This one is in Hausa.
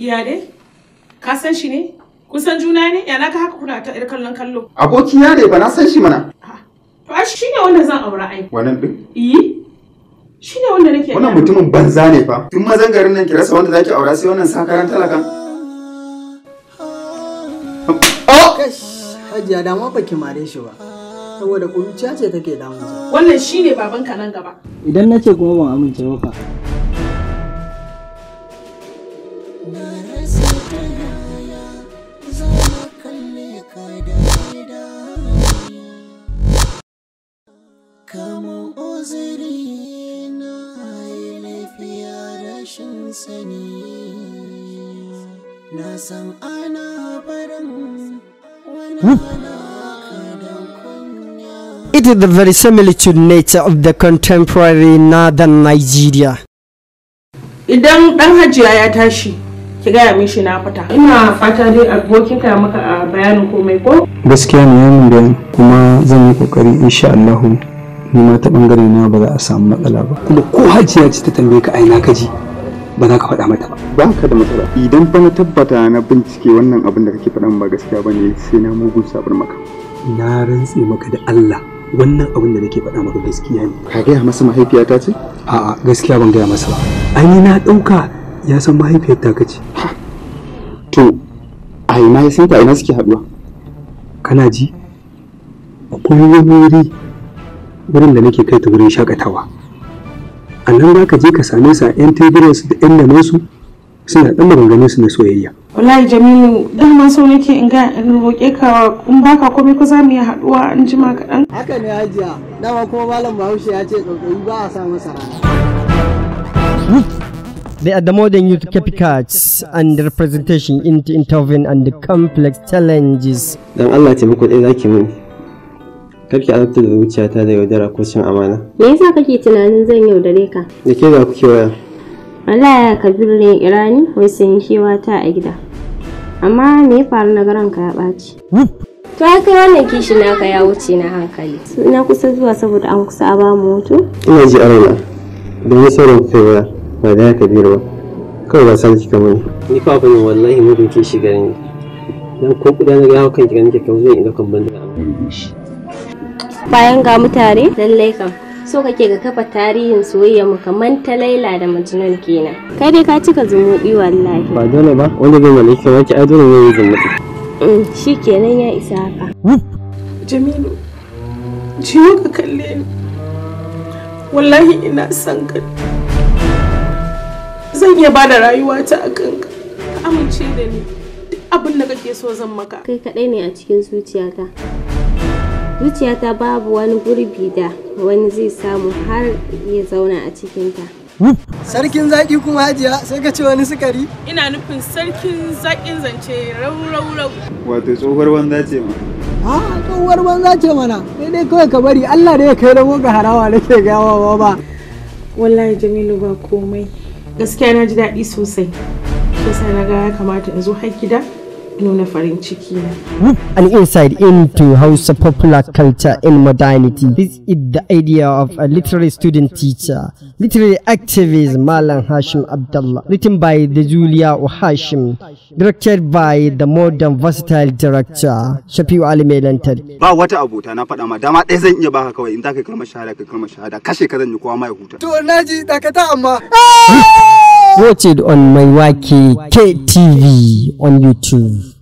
Iyade, dai? Ka san shi ne? Kun san juna ne? Yana naka haka kuna ta kallon kallo. Aboki ya ne ba na san shi mana. Ah, to a shi ne wanda zan aura ai. Wannan din? Iyi. Shi ne wanda nake. Wannan mutumin banza ne fa. Tun mazan garin nan ki rasa wanda zaki aura sai wannan sakaran talakan. Oh! Oh! Kash, Hajiya da ma baki mare shi ba. Saboda kuruciya ce take damu. Wannan shine babanka nan gaba. Idan na ce kuma ban amince ba fa. It is the very similitude nature of the contemporary northern Nigeria. Idan ɗan hajiya ya tashi, ki gaya mishi na fita ina fata dai abokin ka maka a ah, bayanin komai ko gaskiya ne yamin bayan kuma zan yi kokari insha Allah ni ma ta bangare na ba za a samu matsala ba kuma ko hajiya ce ta tambaye ka aina ka ji ba za ka faɗa mata ba ba ka da matsala idan ba na tabbata na bincike wannan abin da kake faɗan ba gaskiya ne, sai na mugun sabar maka na rantse maka da Allah wannan abin da nake faɗa maka gaskiya ne ka gaya masa mahaifiyata ce a'a gaskiya ban gaya masa ba ai na ɗauka ya san mahaifiyar ta kace to a ina ya santa ina suke haduwa kana ji akwai wani wuri wurin da nake kai ta wurin shakatawa a nan za ka je ka same su a yan teburansu da yan su suna dan maganganun su na soyayya wallahi jamilu man so nake in ga in roke ka in baka komai ko za mu yi haɗuwa an jima kaɗan haka ne hajiya dama kuma malam bahaushe ya ce tsautsayi ba a sa masa rana hmm. They are the modern youth copycats and the representation into intervene and the complex challenges. Dan Allah taimako ɗaya zaki mun. ki azabtar da zuciyata da yaudara ko cin amana. Me yasa kake tunanin zan yaudare ka? Da ke za ku kewaya. Wallahi Kabiru ne Irani wai sun shewa ta a gida. Amma me ya faru na ka ya ɓaci? To ya kai wannan kishi naka ya wuce na hankali. Na kusa zuwa saboda an kusa a bamu hutu? Ina ji a raina. Domin sauran kaiwa. ba da ya kabiru ba kawai ba san kika mani ni fa ban wallahi mu binke shi gare ni dan ko kuda na ga hakan kika nake kawai zan ina kan bandana bayan ga mutare lallai kam so kake ga kafa tarihin soyayya mu kaman ta Laila da Majnun kenan. Kai dai ka cika zumuɗi wallahi. Ba dole ba, wanda bai mallaki kamar ki ai dole ne yin zumuɗi. Mm, shi kenan ya isa haka. Jamilu, jiyo ka kalle ni. Wallahi ina son ka. zan iya bada rayuwata a kanka ka amince da ni duk abin da kake so zan maka kai kaɗai ne a cikin zuciyata zuciyata babu wani gurbi da wani zai samu har ya zauna a cikinta sarkin zaƙi kuma hajiya sai ka ce wani sukari ina nufin sarkin zaƙin zance raurau wato tsohuwar wanda ce ma ha ah, tsohuwar banza ce mana sai dai kawai ka bari allah ne ya kai da ga harawa nake gawa ba wallahi jamilu ba komai gaskiya na ji daɗi sosai kusa na ga ya kamata in zo har gida nuna farin ciki With an inside into Hausa popular culture in modernity, this is the idea of a literary student teacher, literary activist Malam Hashim Abdullah, written by the Julia Hashim, directed by the modern versatile director Shafiu Ali Melantar. Ba wata abota na faɗa ma dama ɗaya zan iya baka kawai in za ka kalmar shahada ka kalmar shahada kashe ka zan yi kowa ma ya huta. To naji dakata amma. Ah! watch it on Maiwaki KTV on YouTube.